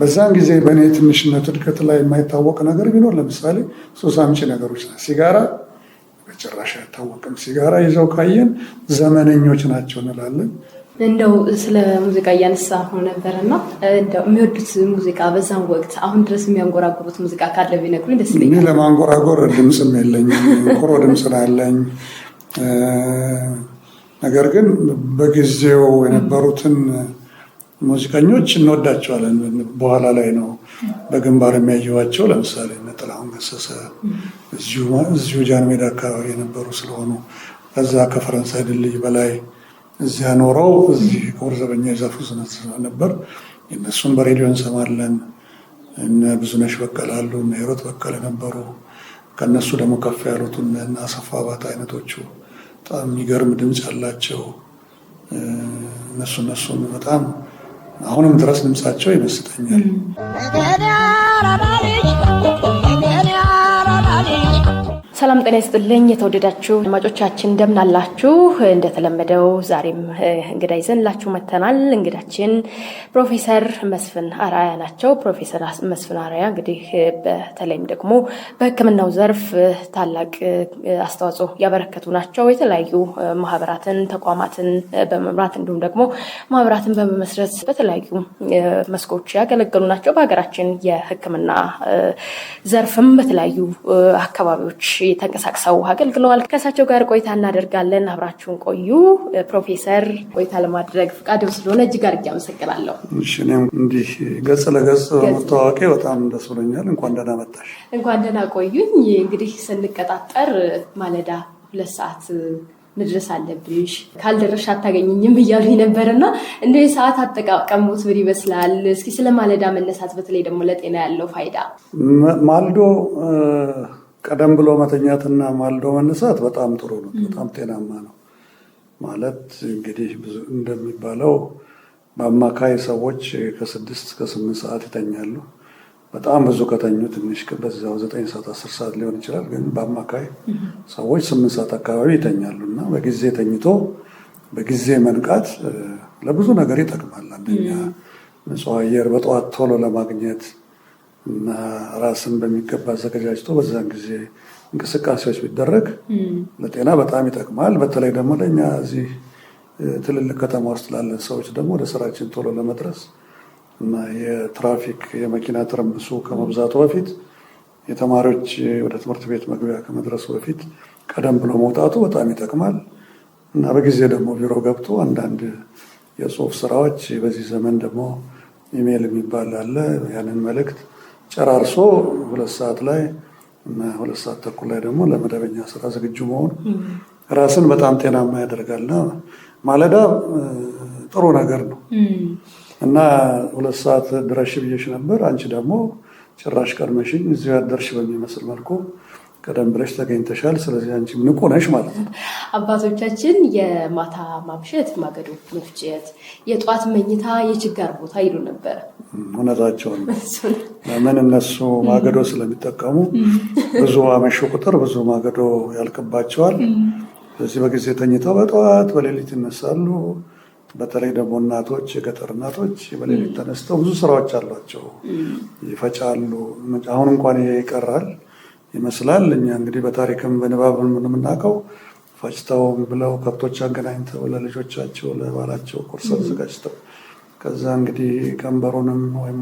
በዛን ጊዜ በእኔ ትንሽነት እድገት ላይ የማይታወቅ ነገር ቢኖር ለምሳሌ ሱስ አምጪ ነገሮች ሲጋራ በጭራሽ አይታወቅም። ሲጋራ ይዘው ካየን ዘመነኞች ናቸው እንላለን። እንደው ስለ ሙዚቃ እያነሳ ሆኖ ነበር እና የሚወዱት ሙዚቃ በዛን ወቅት አሁን ድረስ የሚያንጎራጉሩት ሙዚቃ ካለ ቢነግሩኝ ደስ ይለኛል። ለማንጎራጎር ድምፅም የለኝም፣ ኩሮ ድምፅ ላለኝ ነገር ግን በጊዜው የነበሩትን ሙዚቀኞች እንወዳቸዋለን። በኋላ ላይ ነው በግንባር የሚያየዋቸው። ለምሳሌ ጥላሁን ገሰሰ እዚሁ ጃንሜዳ አካባቢ የነበሩ ስለሆኑ ከዛ ከፈረንሳይ ድልድይ በላይ እዚያ ኖረው እዚህ ክቡር ዘበኛ የዛፉ ዝነት ነበር። እነሱን በሬዲዮ እንሰማለን። እነ ብዙነሽ በቀለ አሉ፣ እነ ሂሩት በቀለ ነበሩ። ከእነሱ ደግሞ ከፍ ያሉት እነ አሰፋ ባታ አይነቶቹ በጣም የሚገርም ድምፅ ያላቸው እነሱ እነሱ በጣም አሁንም ድረስ ድምፃቸው ይመስጠኛል። ሰላም ጤና ይስጥልኝ። የተወደዳችሁ አድማጮቻችን እንደምናላችሁ። እንደተለመደው ዛሬም እንግዳ ይዘንላችሁ መተናል። እንግዳችን ፕሮፌሰር መስፍን አራያ ናቸው። ፕሮፌሰር መስፍን አራያ እንግዲህ በተለይም ደግሞ በሕክምናው ዘርፍ ታላቅ አስተዋጽኦ ያበረከቱ ናቸው። የተለያዩ ማህበራትን፣ ተቋማትን በመምራት እንዲሁም ደግሞ ማህበራትን በመመስረት በተለያዩ መስኮች ያገለገሉ ናቸው። በሀገራችን የሕክምና ዘርፍም በተለያዩ አካባቢዎች ተንቀሳቅሰው አገልግለዋል። ከእሳቸው ጋር ቆይታ እናደርጋለን። አብራችሁን ቆዩ። ፕሮፌሰር ቆይታ ለማድረግ ፍቃድ ስለሆነ እጅግ አድርጌ አመሰግናለሁ። እኔም እንዲህ ገጽ ለገጽ መተዋወቂ በጣም ደስ ብሎኛል። እንኳን ደህና መጣሽ። እንኳን ደህና ቆዩኝ። እንግዲህ ስንቀጣጠር ማለዳ ሁለት ሰዓት መድረስ አለብሽ ካልደረሽ አታገኝኝም እያሉ ነበር እና እንደ ሰዓት አጠቃቀሙት ምን ይመስላል? እስኪ ስለ ማለዳ መነሳት በተለይ ደግሞ ለጤና ያለው ፋይዳ ማልዶ ቀደም ብሎ መተኛትና ማልዶ መነሳት በጣም ጥሩ ነው፣ በጣም ጤናማ ነው። ማለት እንግዲህ ብዙ እንደሚባለው በአማካይ ሰዎች ከስድስት እስከ ስምንት ሰዓት ይተኛሉ። በጣም ብዙ ከተኙ ትንሽ በዛው ዘጠኝ ሰዓት አስር ሰዓት ሊሆን ይችላል። ግን በአማካይ ሰዎች ስምንት ሰዓት አካባቢ ይተኛሉ እና በጊዜ ተኝቶ በጊዜ መንቃት ለብዙ ነገር ይጠቅማል። አንደኛ ንጹህ አየር በጠዋት ቶሎ ለማግኘት እና ራስን በሚገባ አዘገጃጅቶ በዛን ጊዜ እንቅስቃሴዎች ቢደረግ ለጤና በጣም ይጠቅማል። በተለይ ደግሞ ለእኛ እዚህ ትልልቅ ከተማ ውስጥ ላለን ሰዎች ደግሞ ወደ ስራችን ቶሎ ለመድረስ እና የትራፊክ የመኪና ትርምሱ ከመብዛቱ በፊት የተማሪዎች ወደ ትምህርት ቤት መግቢያ ከመድረሱ በፊት ቀደም ብሎ መውጣቱ በጣም ይጠቅማል እና በጊዜ ደግሞ ቢሮ ገብቶ አንዳንድ የጽሁፍ ስራዎች በዚህ ዘመን ደግሞ ኢሜይል የሚባል አለ ያንን መልእክት ጨራርሶ ሁለት ሰዓት ላይ እና ሁለት ሰዓት ተኩል ላይ ደግሞ ለመደበኛ ስራ ዝግጁ መሆን ራስን በጣም ጤናማ ያደርጋልና ማለዳ ጥሩ ነገር ነው እና ሁለት ሰዓት ድረሽ ብዬሽ ነበር። አንቺ ደግሞ ጭራሽ ቀድመሽኝ እዚሁ ያደርሽ በሚመስል መልኩ ቀደም ብለሽ ተገኝተሻል። ስለዚህ አንቺ ንቁ ነሽ ማለት ነው። አባቶቻችን የማታ ማምሸት ማገዶ መፍጨት፣ የጧት መኝታ የችጋር ቦታ ይሉ ነበር። እውነታቸውን ለምን እነሱ ማገዶ ስለሚጠቀሙ ብዙ አመሹ ቁጥር ብዙ ማገዶ ያልቅባቸዋል። በዚህ በጊዜ ተኝተው በጠዋት በሌሊት ይነሳሉ። በተለይ ደግሞ እናቶች፣ የገጠር እናቶች በሌሊት ተነስተው ብዙ ስራዎች አሏቸው፣ ይፈጫሉ። አሁን እንኳን ይቀራል ይመስላል። እኛ እንግዲህ በታሪክም በንባብ የምናውቀው ፈጭተው ብለው ከብቶች አገናኝተው ለልጆቻቸው ለባላቸው ቁርስ አዘጋጅተው ከዛ እንግዲህ ቀንበሩንም ወይም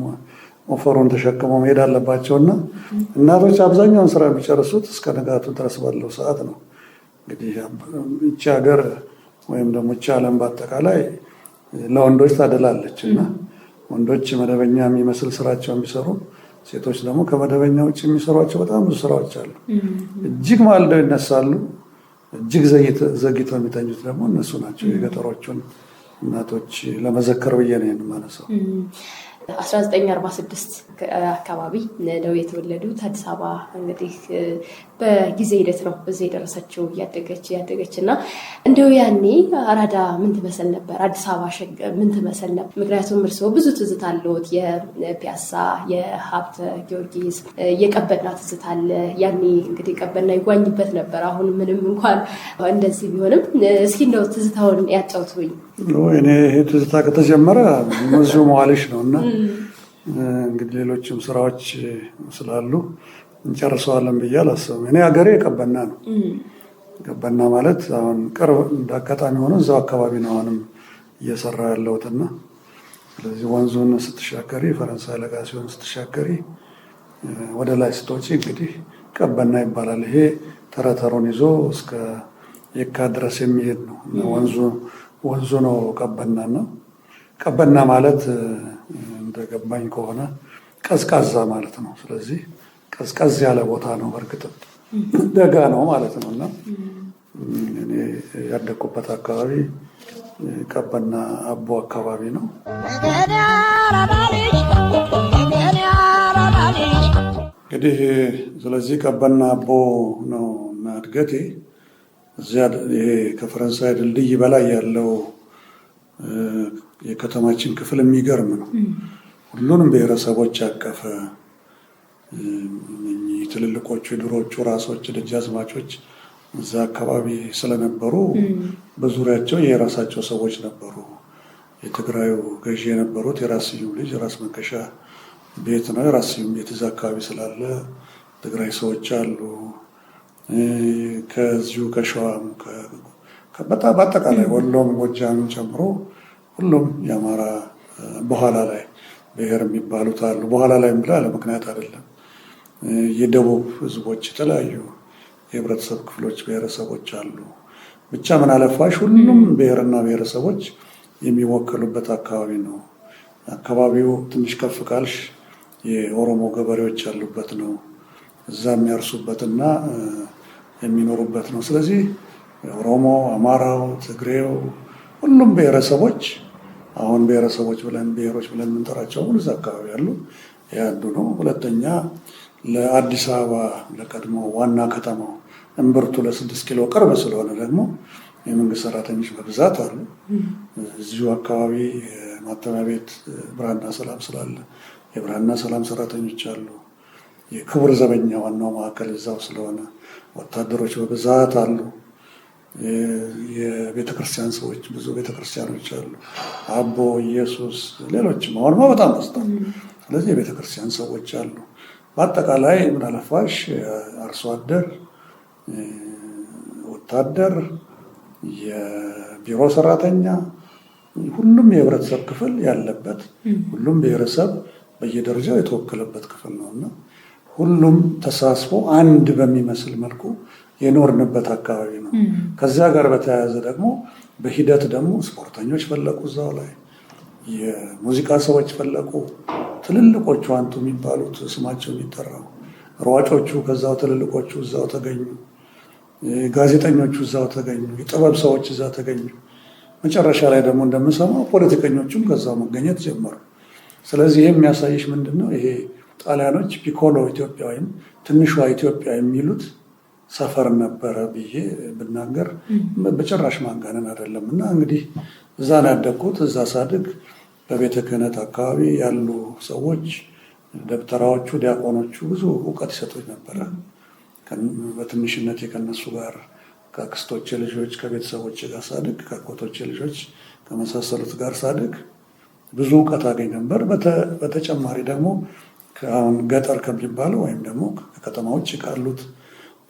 ሞፈሩን ተሸክመው መሄድ አለባቸው እና እናቶች አብዛኛውን ስራ የሚጨርሱት እስከ ንጋቱ ድረስ ባለው ሰዓት ነው። እንግዲህ እቺ ሀገር ወይም ደግሞ እቺ ዓለም በአጠቃላይ ለወንዶች ታደላለች እና ወንዶች መደበኛ የሚመስል ስራቸው የሚሰሩ ሴቶች ደግሞ ከመደበኛ ውጭ የሚሰሯቸው በጣም ብዙ ስራዎች አሉ። እጅግ ማልደው ይነሳሉ። እጅግ ዘግተው የሚተኙት ደግሞ እነሱ ናቸው የገጠሮቹን እናቶች ለመዘከር ብዬ ነው የማነሳው። 1946 አካባቢ ነው የተወለዱት። አዲስ አበባ እንግዲህ በጊዜ ሂደት ነው እዚህ የደረሰችው እያደገች እያደገች እና እንደው ያኔ አራዳ ምን ትመስል ነበር? አዲስ አበባ ምን ትመስል ነበር? ምክንያቱም እርስዎ ብዙ ትዝታ አለዎት። የፒያሳ የሀብተ ጊዮርጊስ የቀበና ትዝታ አለ። ያኔ እንግዲህ ቀበና ይጓኝበት ነበር። አሁን ምንም እንኳን እንደዚህ ቢሆንም እስኪ እንደው ትዝታውን ያጫውትብኝ። እኔ ትዝታ ከተጀመረ እዚሁ መዋልሽ ነው እና እንግዲህ ሌሎችም ስራዎች ስላሉ እንጨርሰዋለን ብዬ አላስብም። እኔ ሀገሬ ቀበና ነው። ቀበና ማለት አሁን ቅርብ እንደ አጋጣሚ ሆነ እዛው አካባቢ ነው አሁንም እየሰራ ያለሁትና ስለዚህ ወንዙን ስትሻገሪ ፈረንሳይ ለጋ ሲሆን ስትሻገሪ ወደ ላይ ስትወጪ እንግዲህ ቀበና ይባላል። ይሄ ተረተሩን ይዞ እስከ የካ ድረስ የሚሄድ ነው ወንዙ ወንዙ ነው ቀበና ነው። ቀበና ማለት እንደገባኝ ከሆነ ቀዝቃዛ ማለት ነው። ስለዚህ ቀዝቀዝ ያለ ቦታ ነው። በእርግጥ ደጋ ነው ማለት ነው እና እኔ ያደግኩበት አካባቢ ቀበና አቦ አካባቢ ነው። እንግዲህ ስለዚህ ቀበና አቦ ነው እና እድገቴ እዚያ ይሄ ከፈረንሳይ ድልድይ በላይ ያለው የከተማችን ክፍል የሚገርም ነው። ሁሉንም ብሔረሰቦች ያቀፈ ትልልቆቹ የድሮቹ ራሶች ደጃዝማቾች እዛ አካባቢ ስለነበሩ በዙሪያቸው የራሳቸው ሰዎች ነበሩ። የትግራዩ ገዢ የነበሩት የራስ ስዩም ልጅ የራስ መንገሻ ቤት ነው። የራስ ስዩም ቤት እዛ አካባቢ ስላለ ትግራይ ሰዎች አሉ። ከዚሁ ከሸዋም በአጠቃላይ ወሎም ጎጃምን ጨምሮ ሁሉም የአማራ በኋላ ላይ ብሔር የሚባሉት አሉ። በኋላ ላይ ብላ ለምክንያት አይደለም። የደቡብ ህዝቦች የተለያዩ የህብረተሰብ ክፍሎች ብሔረሰቦች አሉ። ብቻ ምን አለፋሽ ሁሉም ብሔርና ብሔረሰቦች የሚወከሉበት አካባቢ ነው። አካባቢው ትንሽ ከፍ ካልሽ የኦሮሞ ገበሬዎች ያሉበት ነው። እዛ የሚያርሱበትና የሚኖሩበት ነው። ስለዚህ ኦሮሞ፣ አማራው፣ ትግሬው ሁሉም ብሔረሰቦች አሁን ብሔረሰቦች ብለን ብሔሮች ብለን የምንጠራቸው ሁሉ እዛ አካባቢ ያሉ ያንዱ ነው። ሁለተኛ ለአዲስ አበባ ለቀድሞ ዋና ከተማው እምብርቱ ለስድስት ኪሎ ቅርብ ስለሆነ ደግሞ የመንግስት ሰራተኞች በብዛት አሉ። እዚሁ አካባቢ ማተሚያ ቤት ብርሃንና ሰላም ስላለ የብርሃንና ሰላም ሰራተኞች አሉ። የክቡር ዘበኛ ዋናው ማዕከል እዛው ስለሆነ ወታደሮች በብዛት አሉ። የቤተክርስቲያን ሰዎች ብዙ ቤተክርስቲያኖች አሉ። አቦ፣ ኢየሱስ፣ ሌሎችም አሁንማ በጣም በዝቷል። ስለዚህ የቤተክርስቲያን ሰዎች አሉ። በአጠቃላይ ምናለፋሽ አርሶ አደር፣ ወታደር፣ የቢሮ ሰራተኛ፣ ሁሉም የህብረተሰብ ክፍል ያለበት ሁሉም ብሔረሰብ በየደረጃው የተወከለበት ክፍል ነው እና ሁሉም ተሳስቦ አንድ በሚመስል መልኩ የኖርንበት አካባቢ ነው። ከዚያ ጋር በተያያዘ ደግሞ በሂደት ደግሞ ስፖርተኞች ፈለቁ፣ እዛው ላይ የሙዚቃ ሰዎች ፈለቁ። ትልልቆቹ አንቱ የሚባሉት ስማቸው የሚጠራው ሯጮቹ ከዛው ትልልቆቹ እዛው ተገኙ፣ ጋዜጠኞቹ እዛው ተገኙ፣ የጥበብ ሰዎች እዛ ተገኙ። መጨረሻ ላይ ደግሞ እንደምሰማው ፖለቲከኞቹም ከዛው መገኘት ጀመሩ። ስለዚህ ይህ የሚያሳይሽ ምንድን ነው ይሄ ጣሊያኖች ፒኮሎ ኢትዮጵያ ወይም ትንሿ ኢትዮጵያ የሚሉት ሰፈር ነበረ ብዬ ብናገር በጭራሽ ማጋነን አይደለም። እና እንግዲህ እዛ ነው ያደግኩት። እዛ ሳድግ በቤተ ክህነት አካባቢ ያሉ ሰዎች ደብተራዎቹ፣ ዲያቆኖቹ ብዙ እውቀት ይሰጡኝ ነበረ። በትንሽነት ከነሱ ጋር ከአክስቶቼ ልጆች፣ ከቤተሰቦች ጋር ሳድግ፣ ከአጎቶቼ ልጆች ከመሳሰሉት ጋር ሳድግ ብዙ እውቀት አገኝ ነበር። በተጨማሪ ደግሞ ገጠር ከሚባለው ወይም ደግሞ ከከተማዎች ካሉት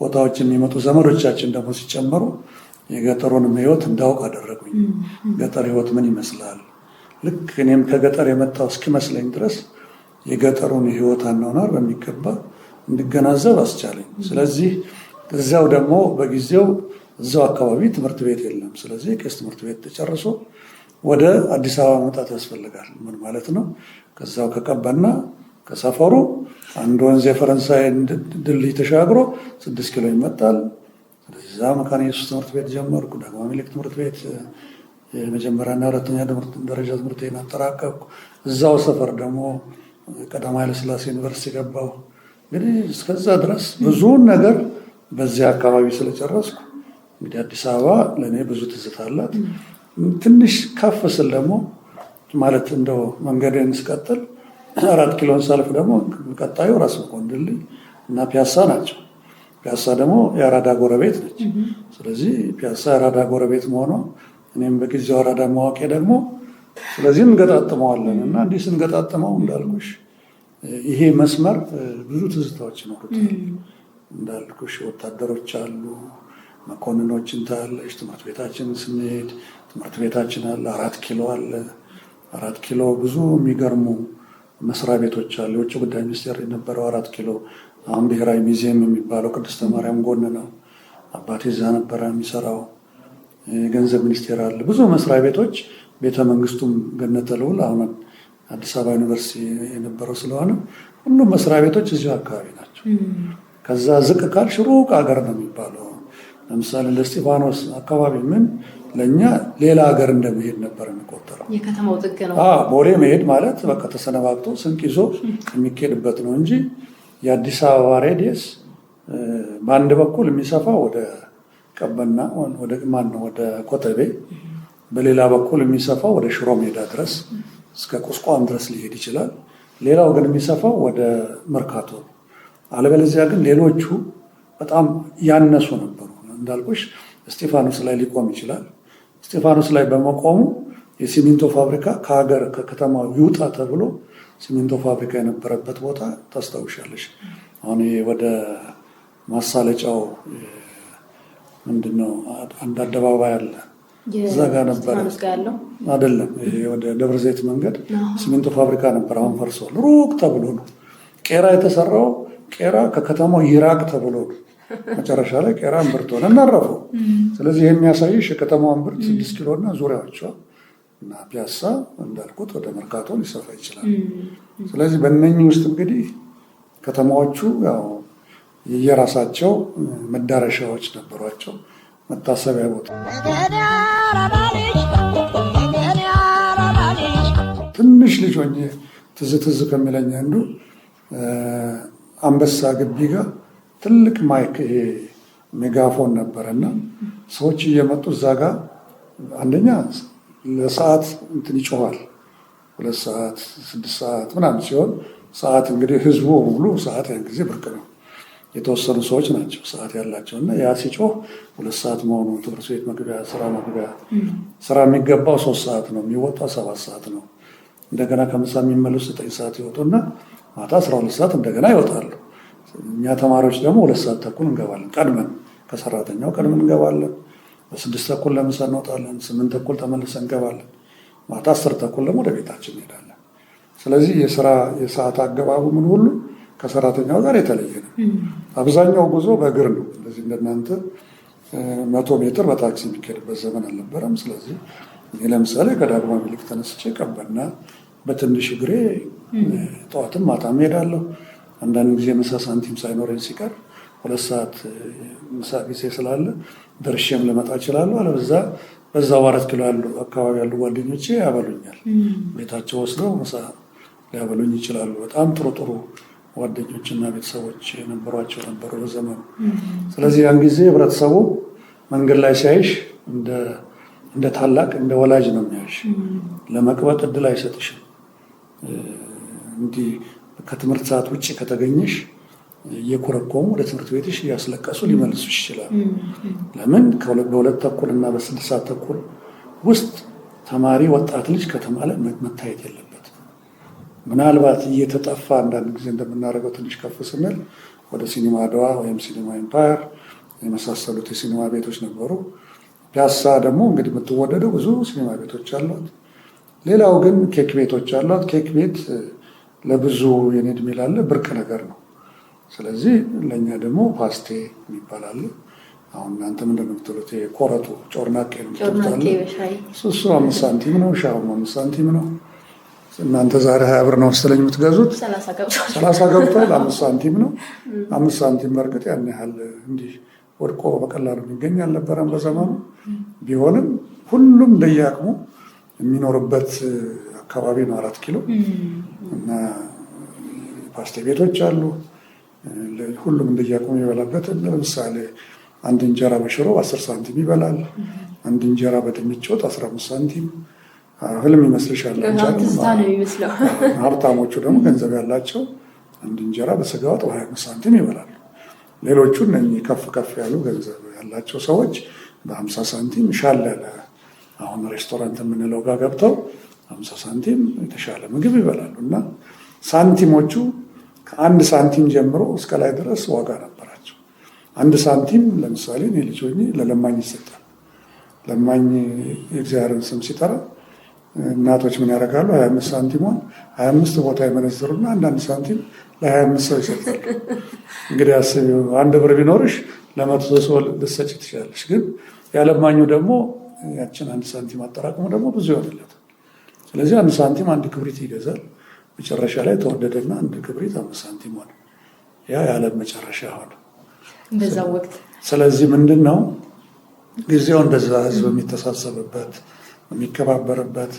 ቦታዎች የሚመጡ ዘመዶቻችን ደግሞ ሲጨመሩ የገጠሩንም ህይወት እንዳውቅ አደረጉኝ። ገጠር ህይወት ምን ይመስላል? ልክ እኔም ከገጠር የመጣው እስኪመስለኝ ድረስ የገጠሩን ህይወት አኗኗር በሚገባ እንድገናዘብ አስቻለኝ። ስለዚህ እዚያው ደግሞ በጊዜው እዛው አካባቢ ትምህርት ቤት የለም። ስለዚህ ቄስ ትምህርት ቤት ተጨርሶ ወደ አዲስ አበባ መውጣት ያስፈልጋል። ምን ማለት ነው? ከዛው ከቀበና ከሰፈሩ አንድ ወንዝ የፈረንሳይን ድልድይ ተሻግሮ ስድስት ኪሎ ይመጣል። ስለዚህ መካነ ኢየሱስ ትምህርት ቤት ጀመርኩ። ዳግማዊ ምኒልክ ትምህርት ቤት የመጀመሪያና ሁለተኛ ደረጃ ትምህርት አጠናቀቅኩ። እዛው ሰፈር ደግሞ ቀዳማዊ ኃይለስላሴ ዩኒቨርሲቲ ገባሁ። እንግዲህ እስከዛ ድረስ ብዙውን ነገር በዚያ አካባቢ ስለጨረስኩ እንግዲህ አዲስ አበባ ለእኔ ብዙ ትዝታ አላት። ትንሽ ከፍ ስል ደግሞ ማለት እንደው መንገዴን ስቀጥል አራት ኪሎን ሳልፍ ደግሞ ቀጣዩ ራስ መኮንድልኝ እና ፒያሳ ናቸው። ፒያሳ ደግሞ የአራዳ ጎረቤት ነች። ስለዚህ ፒያሳ የአራዳ ጎረቤት መሆኗ እኔም በጊዜው አራዳ ማዋቄ ደግሞ ስለዚህ እንገጣጥመዋለን እና እንዲህ ስንገጣጥመው እንዳልኩሽ ይሄ መስመር ብዙ ትዝታዎች ይኖሩታል። እንዳልኩሽ ወታደሮች አሉ፣ መኮንኖች እንታያለሽ። ትምህርት ቤታችን ስንሄድ ትምህርት ቤታችን አለ፣ አራት ኪሎ አለ። አራት ኪሎ ብዙ የሚገርሙ መስሪያ ቤቶች አሉ። የውጭ ጉዳይ ሚኒስቴር የነበረው አራት ኪሎ አሁን ብሔራዊ ሙዚየም የሚባለው ቅድስተ ማርያም ጎን ነው። አባቴ እዛ ነበረ የሚሰራው። የገንዘብ ሚኒስቴር አለ። ብዙ መስሪያ ቤቶች ቤተ መንግስቱም ገነተ ልውል አሁን አዲስ አበባ ዩኒቨርሲቲ የነበረው ስለሆነ ሁሉም መስሪያ ቤቶች እዚሁ አካባቢ ናቸው። ከዛ ዝቅ ካልሽ ሩቅ ሀገር ነው የሚባለው ለምሳሌ ለስጢፋኖስ አካባቢ ምን ለእኛ ሌላ ሀገር እንደመሄድ ነበር የሚቆጠረው። ቦሌ መሄድ ማለት በቃ ተሰነባብቶ ስንቅ ይዞ የሚኬድበት ነው እንጂ የአዲስ አበባ ሬዲየስ በአንድ በኩል የሚሰፋ ወደ ቀበና ወደ ማነው ወደ ኮተቤ፣ በሌላ በኩል የሚሰፋ ወደ ሽሮ ሜዳ ድረስ እስከ ቁስቋም ድረስ ሊሄድ ይችላል። ሌላው ግን የሚሰፋው ወደ መርካቶ። አለበለዚያ ግን ሌሎቹ በጣም ያነሱ ነው። እንዳልኩሽ እስጢፋኖስ ላይ ሊቆም ይችላል። እስጢፋኖስ ላይ በመቆሙ የሲሚንቶ ፋብሪካ ከሀገር ከከተማ ይውጣ ተብሎ ሲሚንቶ ፋብሪካ የነበረበት ቦታ ታስታውሻለሽ። አሁን ወደ ማሳለጫው ምንድነው አንድ አደባባይ አለ እዛ ጋር ነበረ አይደለም? ወደ ደብረ ዘይት መንገድ ሲሚንቶ ፋብሪካ ነበር። አሁን ፈርሷል። ሩቅ ተብሎ ነው ቄራ የተሰራው። ቄራ ከከተማው ይራቅ ተብሎ ነው መጨረሻ ላይ ቄራን ብርት ሆነን እናረፈው። ስለዚህ ይህ የሚያሳይሽ የከተማዋን ብርት ስድስት ኪሎ እና ዙሪያዎቿ እና ፒያሳ እንዳልኩት ወደ መርካቶ ሊሰፋ ይችላል። ስለዚህ በእነኚህ ውስጥ እንግዲህ ከተማዎቹ ያው የየራሳቸው መዳረሻዎች ነበሯቸው፣ መታሰቢያ ቦታ ትንሽ ልጅ ሆኜ ትዝ ትዝ ከሚለኝ አንዱ አንበሳ ግቢ ጋር ትልቅ ማይክ ይሄ ሜጋፎን ነበር እና ሰዎች እየመጡ እዛ ጋ አንደኛ ለሰዓት እንትን ይጮኋል። ሁለት ሰዓት ስድስት ሰዓት ምናምን ሲሆን ሰዓት እንግዲህ ህዝቡ ሙሉ ሰዓት ያን ጊዜ ብርቅ ነው። የተወሰኑ ሰዎች ናቸው ሰዓት ያላቸው እና ያ ሲጮህ ሁለት ሰዓት መሆኑ ትምህርት ቤት መግቢያ፣ ስራ መግቢያ። ስራ የሚገባው ሶስት ሰዓት ነው፣ የሚወጣው ሰባት ሰዓት ነው። እንደገና ከምሳ የሚመለሱ ዘጠኝ ሰዓት ይወጡና ማታ አስራ ሁለት ሰዓት እንደገና ይወጣሉ። እኛ ተማሪዎች ደግሞ ሁለት ሰዓት ተኩል እንገባለን። ቀድመን ከሰራተኛው ቀድመን እንገባለን። በስድስት ተኩል ለምሳ እንወጣለን። ስምንት ተኩል ተመልሰ እንገባለን። ማታ አስር ተኩል ደግሞ ወደ ቤታችን እንሄዳለን። ስለዚህ የስራ የሰዓት አገባቡ ምን ሁሉ ከሰራተኛው ጋር የተለየ ነው። አብዛኛው ጉዞ በእግር ነው። እንደዚህ እንደናንተ መቶ ሜትር በታክሲ የሚካሄድበት ዘመን አልነበረም። ስለዚህ እኔ ለምሳሌ ከዳግማ ምኒልክ ተነስቼ ቀበና በትንሽ እግሬ ጠዋትም ማታም እሄዳለሁ። አንዳንድ ጊዜ ምሳ ሳንቲም ሳይኖረኝ ሲቀር ሁለት ሰዓት ምሳ ጊዜ ስላለ ደርሼም ልመጣ እችላለሁ። አለበዛ በዛው አራት ኪሎ አካባቢ ያሉ ጓደኞቼ ያበሉኛል። ቤታቸው ወስደው ምሳ ሊያበሉኝ ይችላሉ። በጣም ጥሩ ጥሩ ጓደኞችና ቤተሰቦች የነበሯቸው ነበሩ በዘመኑ። ስለዚህ ያን ጊዜ ህብረተሰቡ መንገድ ላይ ሲያይሽ እንደ ታላቅ እንደ ወላጅ ነው የሚያይሽ። ለመቅበጥ እድል አይሰጥሽም። እንዲህ ከትምህርት ሰዓት ውጭ ከተገኘሽ እየኮረኮሙ ወደ ትምህርት ቤትሽ እያስለቀሱ ሊመልሱ ይችላሉ። ለምን በሁለት ተኩል እና በስድስት ሰዓት ተኩል ውስጥ ተማሪ ወጣት ልጅ ከተማለ መታየት የለበትም። ምናልባት እየተጠፋ አንዳንድ ጊዜ እንደምናደርገው ትንሽ ከፍ ስንል ወደ ሲኒማ አድዋ ወይም ሲኒማ ኢምፓየር የመሳሰሉት የሲኒማ ቤቶች ነበሩ። ፒያሳ ደግሞ እንግዲህ የምትወደደው ብዙ ሲኒማ ቤቶች አሏት። ሌላው ግን ኬክ ቤቶች አሏት። ኬክ ቤት ለብዙ የኔ ዕድሜ ላለ ብርቅ ነገር ነው። ስለዚህ ለእኛ ደግሞ ፓስቴ የሚባል አለ። አሁን እናንተ ምንድን ነው የምትሉት? የቆረጡ ጮርናቄ ነው። እሱ አምስት ሳንቲም ነው፣ ሻሁም አምስት ሳንቲም ነው። እናንተ ዛሬ ሀያ ብር ነው መሰለኝ የምትገዙት፣ ሰላሳ ገብቷል። አምስት ሳንቲም ነው። አምስት ሳንቲም በእርግጥ ያን ያህል እንዲህ ወድቆ በቀላሉ የሚገኝ አልነበረም በዘመኑ። ቢሆንም ሁሉም ለየአቅሙ የሚኖርበት አካባቢ ነው አራት ኪሎ እና ፓስቴ ቤቶች አሉ። ሁሉም እንደየአቅሙ ይበላበት። ለምሳሌ አንድ እንጀራ በሽሮ አስር ሳንቲም ይበላል። አንድ እንጀራ በድንች ወጥ አስራ አምስት ሳንቲም ህልም ይመስልሻል። ሀብታሞቹ ደግሞ ገንዘብ ያላቸው አንድ እንጀራ በስጋ ወጥ በሀያ አምስት ሳንቲም ይበላሉ። ሌሎቹ እነኚህ ከፍ ከፍ ያሉ ገንዘብ ያላቸው ሰዎች በሀምሳ ሳንቲም ሻል አሁን ሬስቶራንት የምንለው ጋር ገብተው ሀምሳ ሳንቲም የተሻለ ምግብ ይበላሉ እና ሳንቲሞቹ ከአንድ ሳንቲም ጀምሮ እስከ ላይ ድረስ ዋጋ ነበራቸው። አንድ ሳንቲም ለምሳሌ እኔ ልጅ ሆኜ ለለማኝ ይሰጣል። ለማኝ የእግዚአብሔርን ስም ሲጠራ እናቶች ምን ያደርጋሉ? ሀያ አምስት ሳንቲሟን ሀያ አምስት ቦታ የመነዝሩና አንዳንድ ሳንቲም ለሀያ አምስት ሰው ይሰጣሉ። እንግዲህ አስቢ አንድ ብር ቢኖርሽ ለመቶ ሰው ልትሰጪ ትችላለች። ግን ያለማኙ ደግሞ ያችን አንድ ሳንቲም አጠራቅሙ ደግሞ ብዙ ይሆንለት ስለዚህ አንድ ሳንቲም አንድ ክብሪት ይገዛል። መጨረሻ ላይ ተወደደና አንድ ክብሪት አምስት ሳንቲም ሆነ። ያ የዓለም መጨረሻ ሆነ። ስለዚህ ምንድን ነው ጊዜው እንደዛ ህዝብ የሚተሳሰብበት የሚከባበርበት፣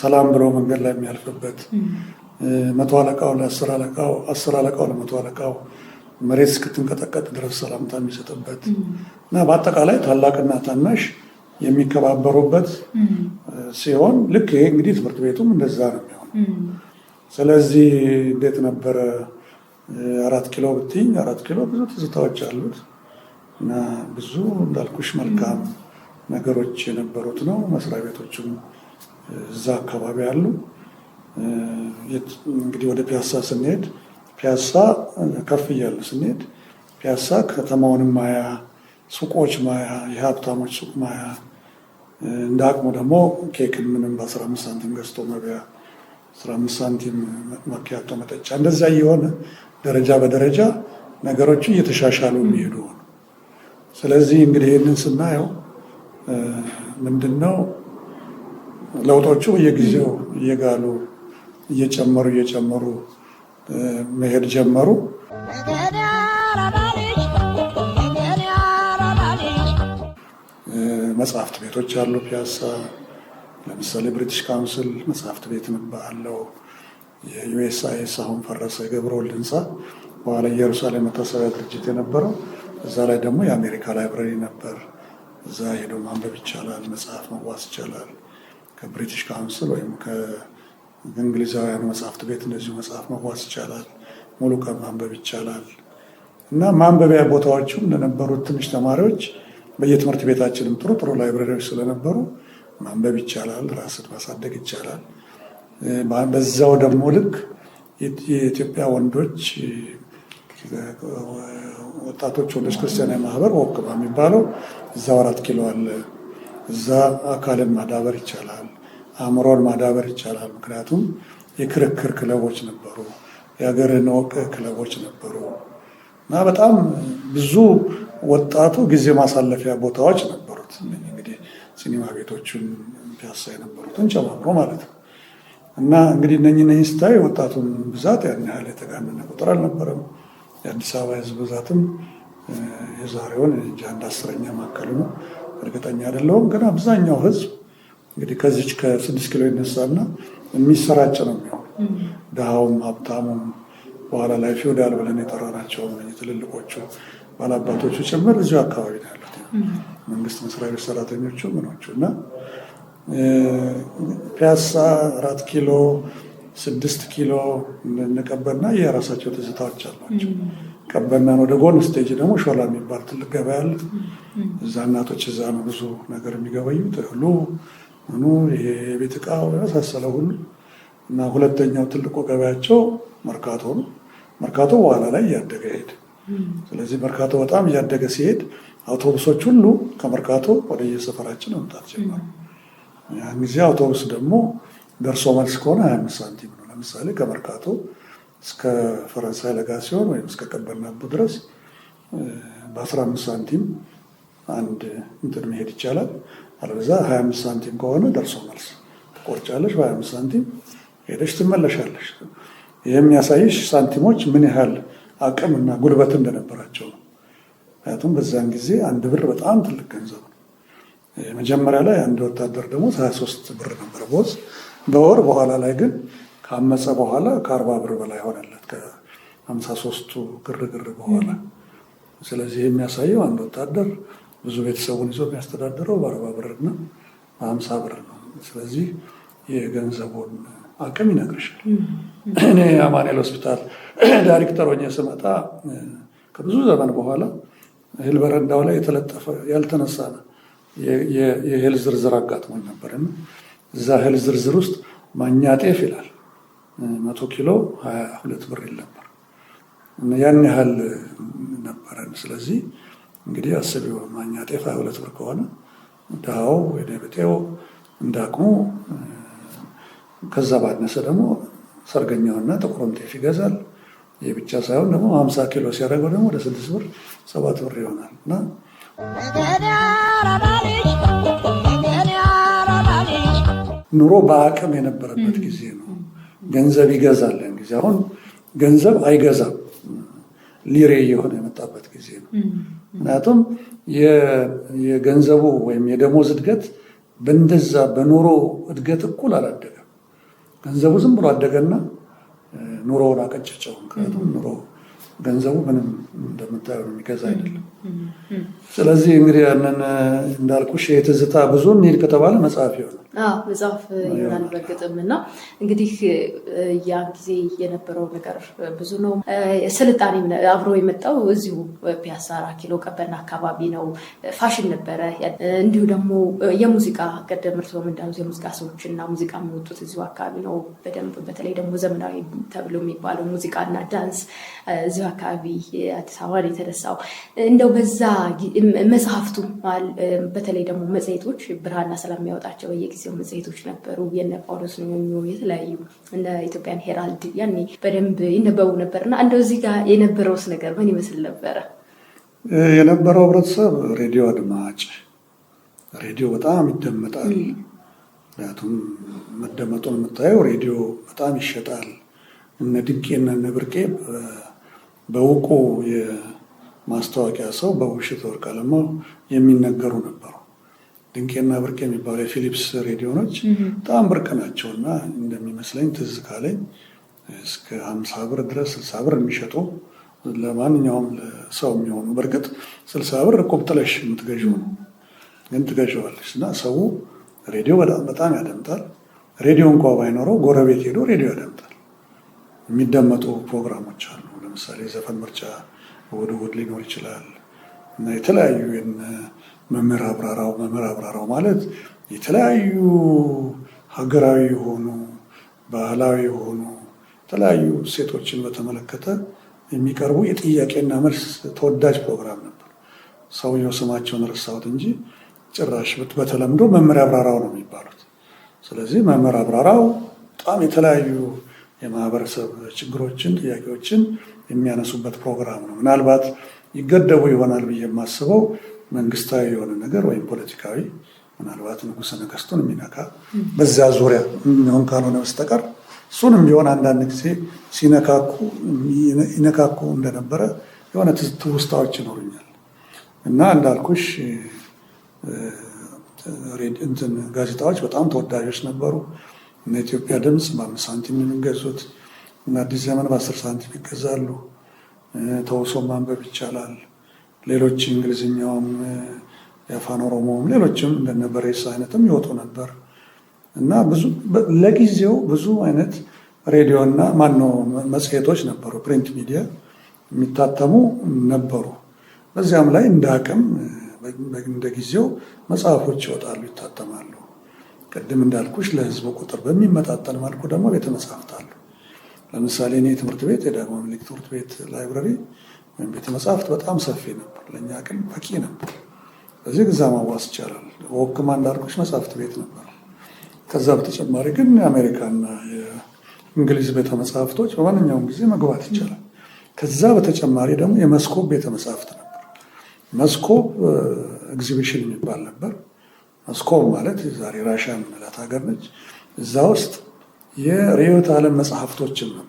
ሰላም ብሎ መንገድ ላይ የሚያልፍበት መቶ አለቃው ለአስር አለቃው፣ አስር አለቃው ለመቶ አለቃው መሬት እስክትንቀጠቀጥ ድረስ ሰላምታ የሚሰጥበት እና በአጠቃላይ ታላቅና ታናሽ የሚከባበሩበት ሲሆን ልክ ይሄ እንግዲህ ትምህርት ቤቱም እንደዛ ነው የሚሆነው። ስለዚህ እንዴት ነበረ አራት ኪሎ ብትኝ፣ አራት ኪሎ ብዙ ትዝታዎች አሉት እና ብዙ እንዳልኩሽ መልካም ነገሮች የነበሩት ነው። መስሪያ ቤቶችም እዛ አካባቢ አሉ። እንግዲህ ወደ ፒያሳ ስንሄድ ፒያሳ ከፍ እያለ ስንሄድ ፒያሳ ከተማውንም ማያ፣ ሱቆች ማያ፣ የሀብታሞች ሱቅ ማያ እንደ አቅሙ ደግሞ ኬክ ምንም በ15 ሳንቲም ገዝቶ መብያ 15 ሳንቲም ማኪያቶ መጠጫ እንደዚያ እየሆነ ደረጃ በደረጃ ነገሮች እየተሻሻሉ የሚሄዱ ሆኑ። ስለዚህ እንግዲህ ይህንን ስናየው ምንድን ነው ለውጦቹ በየጊዜው እየጋሉ እየጨመሩ እየጨመሩ መሄድ ጀመሩ። መጽሐፍት ቤቶች አሉ። ፒያሳ ለምሳሌ ብሪቲሽ ካውንስል መጽሐፍት ቤት አለው። የዩኤስአይኤስ አሁን ፈረሰ፣ የገብረ ወልድ ህንፃ በኋላ ኢየሩሳሌም መታሰቢያ ድርጅት የነበረው እዛ ላይ ደግሞ የአሜሪካ ላይብራሪ ነበር። እዛ ሄዶ ማንበብ ይቻላል፣ መጽሐፍ መዋስ ይቻላል። ከብሪቲሽ ካውንስል ወይም ከእንግሊዛውያኑ መጽሐፍት ቤት እንደዚሁ መጽሐፍ መዋስ ይቻላል፣ ሙሉ ቀን ማንበብ ይቻላል እና ማንበቢያ ቦታዎቹም ለነበሩት ትንሽ ተማሪዎች በየትምህርት ቤታችንም ጥሩ ጥሩ ላይብረሪዎች ስለነበሩ ማንበብ ይቻላል፣ ራስን ማሳደግ ይቻላል። በዛው ደግሞ ልክ የኢትዮጵያ ወንዶች ወጣቶች ወንዶች ክርስቲያናዊ ማህበር ወክባ የሚባለው እዛው አራት ኪሎ አለ። እዛ አካልን ማዳበር ይቻላል፣ አእምሮን ማዳበር ይቻላል። ምክንያቱም የክርክር ክለቦች ነበሩ፣ የሀገርን ወቅ ክለቦች ነበሩ እና በጣም ብዙ ወጣቱ ጊዜ ማሳለፊያ ቦታዎች ነበሩት። እንግዲህ ሲኒማ ቤቶቹን ፒያሳ የነበሩትን ጨማምሮ ማለት ነው። እና እንግዲህ እነኝህ ነኝ ስታይ ወጣቱን ብዛት ያን ያህል የተጋነነ ቁጥር አልነበረም። የአዲስ አበባ ህዝብ ብዛትም የዛሬውን እንጂ አንድ አስረኛ ማካከሉ ነው፣ እርግጠኛ አይደለሁም። ግን አብዛኛው ህዝብ እንግዲህ ከዚች ከስድስት ኪሎ ይነሳና የሚሰራጭ ነው የሚሆን ድሃውም ሀብታሙም በኋላ ላይ ፊውዳል ብለን የጠራናቸው ትልልቆቹ ባላባቶቹ ጭምር እዚሁ አካባቢ ነው ያሉት። መንግስት መስሪያ ቤት ሰራተኞቹ ምኖቹ እና ፒያሳ፣ አራት ኪሎ፣ ስድስት ኪሎ እንቀበና የራሳቸው ትዝታዎች አሏቸው። ቀበናን ወደ ጎን ስቴጅ ደግሞ ሾላ የሚባል ትልቅ ገበያ አለ። እዛ እናቶች እዛ ነው ብዙ ነገር የሚገበዩት ሁሉ ምኑ የቤት እቃ የመሳሰለ ሁሉ እና ሁለተኛው ትልቁ ገበያቸው መርካቶ ነው። መርካቶ በኋላ ላይ እያደገ ሄደ። ስለዚህ መርካቶ በጣም እያደገ ሲሄድ አውቶቡሶች ሁሉ ከመርካቶ ወደ የሰፈራችን መምጣት ጀመሩ። ያን ጊዜ አውቶቡስ ደግሞ ደርሶ መልስ ከሆነ 25 ሳንቲም ነው። ለምሳሌ ከመርካቶ እስከ ፈረንሳይ ሲሆን ወይም እስከ ቀበናቡ ድረስ በ15 ሳንቲም አንድ እንትን መሄድ ይቻላል። አለበዛ አምስት ሳንቲም ከሆነ ደርሶ መልስ ትቆርጫለሽ በሀያ አምስት ሳንቲም ሄደሽ ትመለሻለሽ። ይህ የሚያሳይሽ ሳንቲሞች ምን ያህል አቅምና ጉልበት እንደነበራቸው ነው። ምክንያቱም በዛን ጊዜ አንድ ብር በጣም ትልቅ ገንዘብ ነው። መጀመሪያ ላይ አንድ ወታደር ደግሞ 23 ብር ነበር ቦዝ በወር በኋላ ላይ ግን ካመፀ በኋላ ከአርባ ብር በላይ ሆነለት ከሀምሳ ሶስቱ ግርግር በኋላ። ስለዚህ የሚያሳየው አንድ ወታደር ብዙ ቤተሰቡን ይዞ የሚያስተዳድረው በአርባ ብርና በሀምሳ ብር ነው። ስለዚህ የገንዘቡን አቅም ይነግርሻል። እኔ አማኑኤል ሆስፒታል ዳይሬክተር ሆኜ ስመጣ ከብዙ ዘመን በኋላ እህል በረንዳው ላይ የተለጠፈ ያልተነሳ የእህል ዝርዝር አጋጥሞኝ ነበር። እዛ እህል ዝርዝር ውስጥ ማኛ ጤፍ ይላል መቶ ኪሎ ሀያ ሁለት ብር ይል ነበር። ያን ያህል ነበረን። ስለዚህ እንግዲህ አስቢው ማኛ ጤፍ ሀያ ሁለት ብር ከሆነ ድሃው ወይ ቤጤው እንዳቅሙ ከዛ ባነሰ ደግሞ ሰርገኛውና ጥቁሩም ጤፍ ይገዛል። ይህ ብቻ ሳይሆን ደግሞ ሀምሳ ኪሎ ሲያደርገው ደግሞ ወደ ስድስት ብር ሰባት ብር ይሆናል እና ኑሮ በአቅም የነበረበት ጊዜ ነው። ገንዘብ ይገዛል ያን ጊዜ። አሁን ገንዘብ አይገዛም፣ ሊሬ እየሆነ የመጣበት ጊዜ ነው። ምክንያቱም የገንዘቡ ወይም የደሞዝ እድገት በእንደዛ በኑሮ እድገት እኩል አላደገም። ገንዘቡ ዝም ብሎ አደገና ኑሮውን አቀጨጨው። ምክንያቱም ኑሮ ገንዘቡ ምንም እንደምታየው የሚገዛ አይደለም። ስለዚህ እንግዲህ ያንን እንዳልኩሽ የትዝታ ብዙ እንሂድ ከተባለ መጽሐፍ ይሆናል መጽሐፍ ይሆናል። በእርግጥም እና እንግዲህ ያን ጊዜ የነበረው ነገር ብዙ ነው። ስልጣኔ አብሮ የመጣው እዚሁ ፒያሳ አራት ኪሎ ቀበና አካባቢ ነው። ፋሽን ነበረ። እንዲሁ ደግሞ የሙዚቃ ቀደም እርስዎም እንዳሉት የሙዚቃ ሰዎች እና ሙዚቃ የሚወጡት እዚሁ አካባቢ ነው በደንብ በተለይ ደግሞ ዘመናዊ ተብሎ የሚባለው ሙዚቃ እና ዳንስ እዚሁ አካባቢ አዲስ አበባ የተነሳው እንደ እንደው በዛ መጽሐፍቱ በተለይ ደግሞ መጽሔቶች ብርሃንና ሰላም የሚያወጣቸው በየጊዜው መጽሔቶች ነበሩ። የነ ጳውሎስ ኞኞ የተለያዩ እነ ኢትዮጵያን ሄራልድ ያኔ በደንብ ይነበቡ ነበር እና እንደው እዚህ ጋር የነበረውስ ነገር ምን ይመስል ነበረ? የነበረው ህብረተሰብ ሬዲዮ አድማጭ፣ ሬዲዮ በጣም ይደመጣል። ምክንያቱም መደመጡን የምታየው ሬዲዮ በጣም ይሸጣል። እነ ድንቄና እነ ብርቄ በውቁ ማስታወቂያ ሰው በውብሸት ወርቅአለማው የሚነገሩ ነበሩ። ድንቄና ብርቅ የሚባሉ የፊሊፕስ ሬዲዮኖች በጣም ብርቅ ናቸው እና እንደሚመስለኝ ትዝ ካለኝ እስከ ሀምሳ ብር ድረስ ስልሳ ብር የሚሸጡ ለማንኛውም ሰው የሚሆኑ በእርግጥ ስልሳ ብር ቆብጥለሽ የምትገዢው ነው፣ ግን ትገዢዋለች እና ሰው ሬዲዮ በጣም ያደምጣል። ሬዲዮ እንኳ ባይኖረው ጎረቤት ሄዶ ሬዲዮ ያደምጣል። የሚደመጡ ፕሮግራሞች አሉ። ለምሳሌ ዘፈን ምርጫ እሑድ ሊኖር ይችላል እና የተለያዩ መምህር አብራራው መምህር አብራራው ማለት የተለያዩ ሀገራዊ የሆኑ ባህላዊ የሆኑ የተለያዩ ሴቶችን በተመለከተ የሚቀርቡ የጥያቄና መልስ ተወዳጅ ፕሮግራም ነበር። ሰውየው ስማቸውን ረሳሁት እንጂ ጭራሽ በተለምዶ መምህር አብራራው ነው የሚባሉት። ስለዚህ መምህር አብራራው በጣም የተለያዩ የማህበረሰብ ችግሮችን፣ ጥያቄዎችን የሚያነሱበት ፕሮግራም ነው። ምናልባት ይገደቡ ይሆናል ብዬ የማስበው መንግስታዊ የሆነ ነገር ወይም ፖለቲካዊ ምናልባት ንጉሰ ነገስቱን የሚነካ በዚያ ዙሪያ ሆን ካልሆነ በስተቀር እሱንም ቢሆን አንዳንድ ጊዜ ሲነካኩ ይነካኩ እንደነበረ የሆነ ትውስታዎች ይኖሩኛል እና እንዳልኩሽ እንትን ጋዜጣዎች በጣም ተወዳጆች ነበሩ። እነ ኢትዮጵያ ድምፅ በአምስት ሳንቲም የሚገዙት እና አዲስ ዘመን በአስር ሳንቲም ይገዛሉ። ተውሶ ማንበብ ይቻላል። ሌሎች እንግሊዝኛውም፣ የአፋን ኦሮሞውም፣ ሌሎችም እንደነበረ የሳ አይነትም ይወጡ ነበር እና ለጊዜው ብዙ አይነት ሬዲዮና ማነው መጽሔቶች ነበሩ፣ ፕሪንት ሚዲያ የሚታተሙ ነበሩ። በዚያም ላይ እንደ አቅም እንደ ጊዜው መጽሐፎች ይወጣሉ፣ ይታተማሉ። ቅድም እንዳልኩሽ ለህዝቡ ቁጥር በሚመጣጠን መልኩ ደግሞ ቤተ መጽሐፍት አሉ። ለምሳሌ እኔ ትምህርት ቤት የዳግማዊ ምኒልክ ትምህርት ቤት ላይብረሪ ወይም ቤተ መጽሐፍት በጣም ሰፊ ነበር፣ ለእኛ ግን በቂ ነበር። በዚህ ግዛ ማዋስ ይቻላል። ወግ ማንድ መጽሐፍት ቤት ነበር። ከዛ በተጨማሪ ግን የአሜሪካና የእንግሊዝ ቤተ መጽሐፍቶች በማንኛውም ጊዜ መግባት ይቻላል። ከዛ በተጨማሪ ደግሞ የመስኮብ ቤተ መጽሐፍት ነበር። መስኮብ ኤግዚቢሽን የሚባል ነበር። መስኮብ ማለት ዛሬ ራሻ የምንላት ሀገር ነች። እዛ ውስጥ የርዕዮተ ዓለም መጽሐፍቶችም ነበሩ።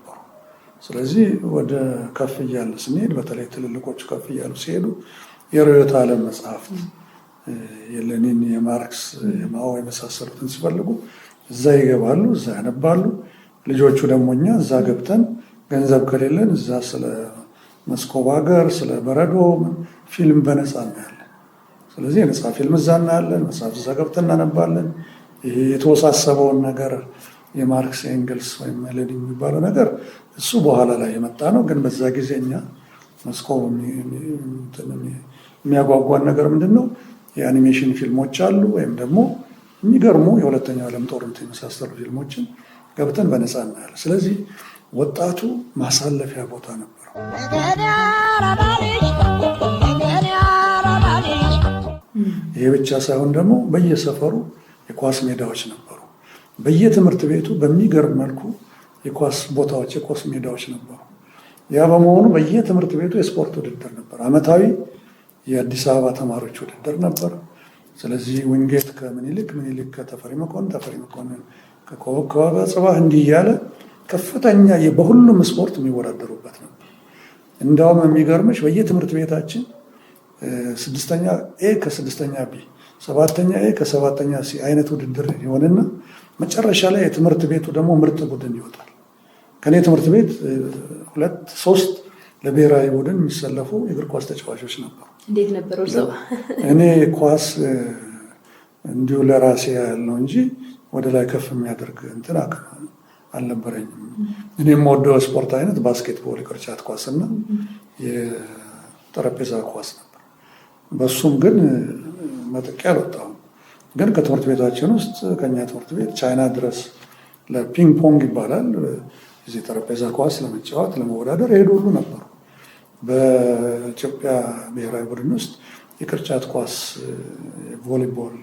ስለዚህ ወደ ከፍ እያለ ስንሄድ በተለይ ትልልቆቹ ከፍ እያሉ ሲሄዱ የርዕዮተ ዓለም መጽሐፍት የሌኒን፣ የማርክስ፣ የማኦ የመሳሰሉትን ሲፈልጉ እዛ ይገባሉ፣ እዛ ያነባሉ። ልጆቹ ደግሞ እኛ እዛ ገብተን ገንዘብ ከሌለን እዛ ስለ መስኮብ ሀገር፣ ስለ በረዶ ፊልም በነፃ እናያለን። ስለዚህ የነፃ ፊልም እዛ እናያለን፣ መጽሐፍ እዛ ገብተን እናነባለን። ይሄ የተወሳሰበውን ነገር የማርክስ ኤንግልስ ወይም ሌኒን የሚባለው ነገር እሱ በኋላ ላይ የመጣ ነው። ግን በዛ ጊዜ እኛ መስኮ የሚያጓጓን ነገር ምንድን ነው? የአኒሜሽን ፊልሞች አሉ ወይም ደግሞ የሚገርሙ የሁለተኛው ዓለም ጦርነት የመሳሰሉ ፊልሞችን ገብተን በነፃ እናያለን። ስለዚህ ወጣቱ ማሳለፊያ ቦታ ነበረው። ይሄ ብቻ ሳይሆን ደግሞ በየሰፈሩ የኳስ ሜዳዎች ነበር። በየትምህርት ቤቱ በሚገርም መልኩ የኳስ ቦታዎች፣ የኳስ ሜዳዎች ነበሩ። ያ በመሆኑ በየትምህርት ቤቱ የስፖርት ውድድር ነበር። አመታዊ የአዲስ አበባ ተማሪዎች ውድድር ነበር። ስለዚህ ውንጌት ከምኒልክ፣ ምኒልክ ከተፈሪ መኮንን፣ ተፈሪ መኮንን ከኮከበ ጽባህ እንዲህ እያለ ከፍተኛ በሁሉም ስፖርት የሚወዳደሩበት ነው። እንዳውም የሚገርምሽ በየትምህርት ቤታችን ስድስተኛ ኤ ከስድስተኛ ቢ፣ ሰባተኛ ኤ ከሰባተኛ ሲ አይነት ውድድር ይሆንና መጨረሻ ላይ የትምህርት ቤቱ ደግሞ ምርጥ ቡድን ይወጣል። ከኔ ትምህርት ቤት ሁለት ሶስት ለብሔራዊ ቡድን የሚሰለፉ የእግር ኳስ ተጫዋቾች ነበሩ። እንዴት ነበሩ? እኔ ኳስ እንዲሁ ለራሴ ያለው እንጂ ወደ ላይ ከፍ የሚያደርግ እንትን አልነበረኝም። እኔ የምወደው ስፖርት አይነት ባስኬትቦል፣ የቅርጫት ኳስ እና የጠረጴዛ ኳስ ነበር። በሱም ግን መጠቅ አልወጣሁም። ግን ከትምህርት ቤታችን ውስጥ ከኛ ትምህርት ቤት ቻይና ድረስ ለፒንግ ፖንግ ይባላል እዚህ ጠረጴዛ ኳስ ለመጫወት ለመወዳደር ይሄዱ ሁሉ ነበሩ። በኢትዮጵያ ብሔራዊ ቡድን ውስጥ የቅርጫት ኳስ፣ ቮሊቦል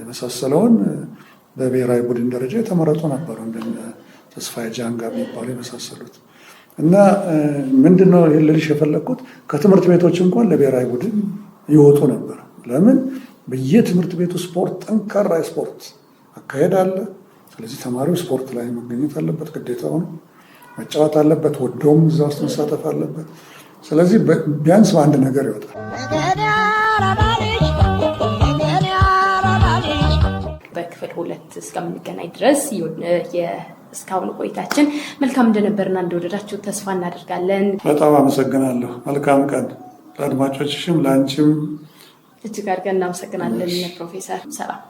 የመሳሰለውን በብሔራዊ ቡድን ደረጃ የተመረጡ ነበሩ። እንደ ተስፋዬ ጃንጋ የሚባሉ የመሳሰሉት እና ምንድነው ይህን ልልሽ የፈለግኩት ከትምህርት ቤቶች እንኳን ለብሔራዊ ቡድን ይወጡ ነበር ለምን በየትምህርት ቤቱ ስፖርት ጠንካራ ስፖርት አካሄድ አለ። ስለዚህ ተማሪው ስፖርት ላይ መገኘት አለበት፣ ግዴታው ነው። መጫወት አለበት፣ ወዶም እዛ ውስጥ መሳተፍ አለበት። ስለዚህ ቢያንስ በአንድ ነገር ይወጣል። በክፍል ሁለት እስከምንገናኝ ድረስ እስካሁን ቆይታችን መልካም እንደነበርና እንደወደዳችሁ ተስፋ እናደርጋለን። በጣም አመሰግናለሁ። መልካም ቀን ለአድማጮችሽም ለአንቺም እጅግ አድርገን እናመሰግናለን ፕሮፌሰር ሰላም።